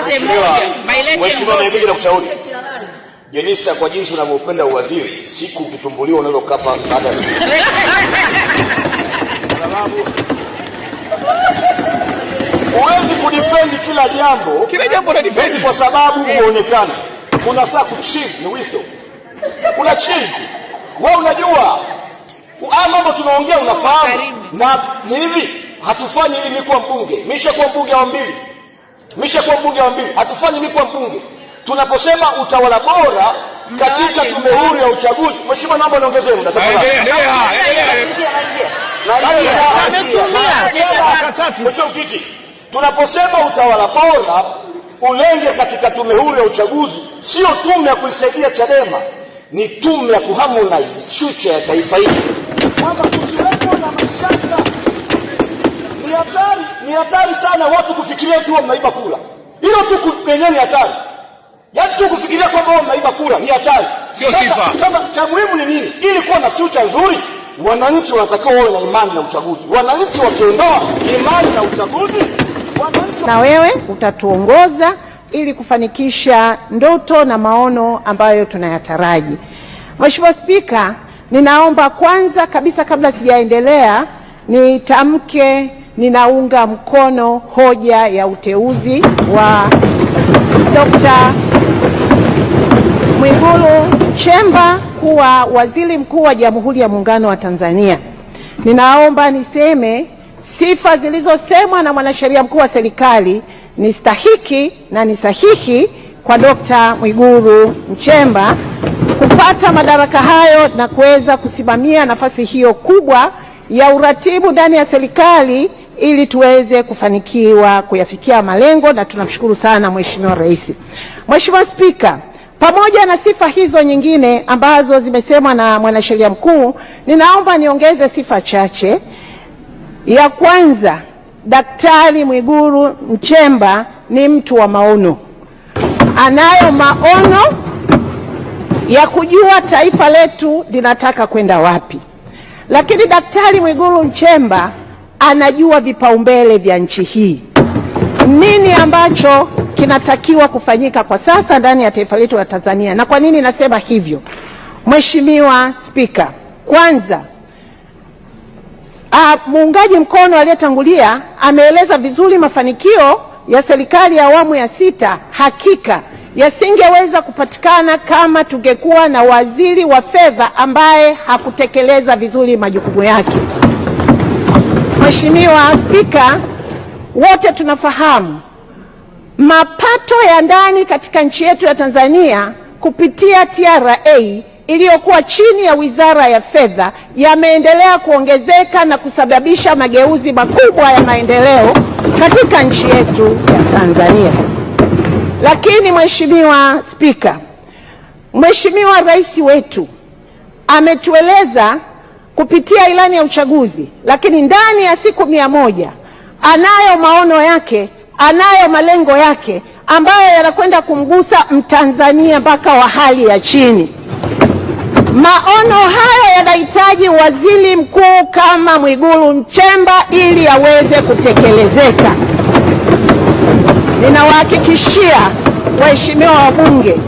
Mheshimiwa Naibu, nakushauri Jenista, kwa jinsi unavyopenda uwaziri, siku ukitumbuliwa unaweza baada ya siku. huwezi kudefend kila jambo, kila jambo na difendi kwa sababu huonekana. Kuna saa kuchill ni wisdom, kuna chill tu, wewe unajua haya mambo tunaongea, unafahamu na ni hivi, hatufanyi ili mimi mbunge, mimi nishakuwa mbunge wa mbili Mmeshakuwa mbunge wa mbili, hatufanyi mimi kuwa mbunge. Tunaposema utawala bora katika tume huru ya uchaguzi, mheshimiwa, naomba niongezee muda mheshimiwa tunaposema utawala bora ulenge katika tume huru ya uchaguzi, sio tume ya kuisaidia Chadema, ni tume ya kuharmonize future ya taifa hili, kama kusiwepo na mashaka ni hatari, ni hatari sana watu kufikiria tu mnaiba kura. Hilo tu wenyewe ni hatari, yaani tu kufikiria kwamba mnaiba kura ni hatari. Sio sifa. Sasa cha muhimu ni nini? Ili kuwa na future nzuri, wananchi wanatakiwa wawe na imani na uchaguzi. Wananchi wakiondoa imani na uchaguzi, wananchi... na wewe utatuongoza ili kufanikisha ndoto na maono ambayo tunayataraji. Mheshimiwa Spika, ninaomba kwanza kabisa kabla sijaendelea nitamke ninaunga mkono hoja ya uteuzi wa Dr. Mwigulu Chemba kuwa Waziri Mkuu wa Jamhuri ya Muungano wa Tanzania. Ninaomba niseme sifa zilizosemwa na mwanasheria mkuu wa serikali ni stahiki na ni sahihi kwa Dkt. Mwigulu Nchemba kupata madaraka hayo na kuweza kusimamia nafasi hiyo kubwa ya uratibu ndani ya serikali ili tuweze kufanikiwa kuyafikia malengo, na tunamshukuru sana Mheshimiwa Rais. Mheshimiwa Spika, pamoja na sifa hizo nyingine ambazo zimesemwa na mwanasheria mkuu, ninaomba niongeze sifa chache. Ya kwanza, Daktari Mwigulu Nchemba ni mtu wa maono, anayo maono ya kujua taifa letu linataka kwenda wapi. Lakini Daktari Mwigulu Nchemba anajua vipaumbele vya nchi hii, nini ambacho kinatakiwa kufanyika kwa sasa ndani ya taifa letu la Tanzania. Na kwa nini nasema hivyo? Mheshimiwa Spika, kwanza a, ah, muungaji mkono aliyetangulia ameeleza vizuri mafanikio ya serikali ya awamu ya sita, hakika yasingeweza kupatikana kama tungekuwa na waziri wa fedha ambaye hakutekeleza vizuri majukumu yake. Mheshimiwa Spika, wote tunafahamu mapato ya ndani katika nchi yetu ya Tanzania kupitia TRA iliyokuwa chini ya Wizara ya Fedha yameendelea kuongezeka na kusababisha mageuzi makubwa ya maendeleo katika nchi yetu ya Tanzania. Lakini Mheshimiwa Spika, Mheshimiwa Rais wetu ametueleza kupitia ilani ya uchaguzi, lakini ndani ya siku mia moja anayo maono yake, anayo malengo yake ambayo yanakwenda kumgusa Mtanzania mpaka wa hali ya chini. Maono hayo yanahitaji waziri mkuu kama Mwigulu Nchemba ili yaweze kutekelezeka. Ninawahakikishia waheshimiwa wabunge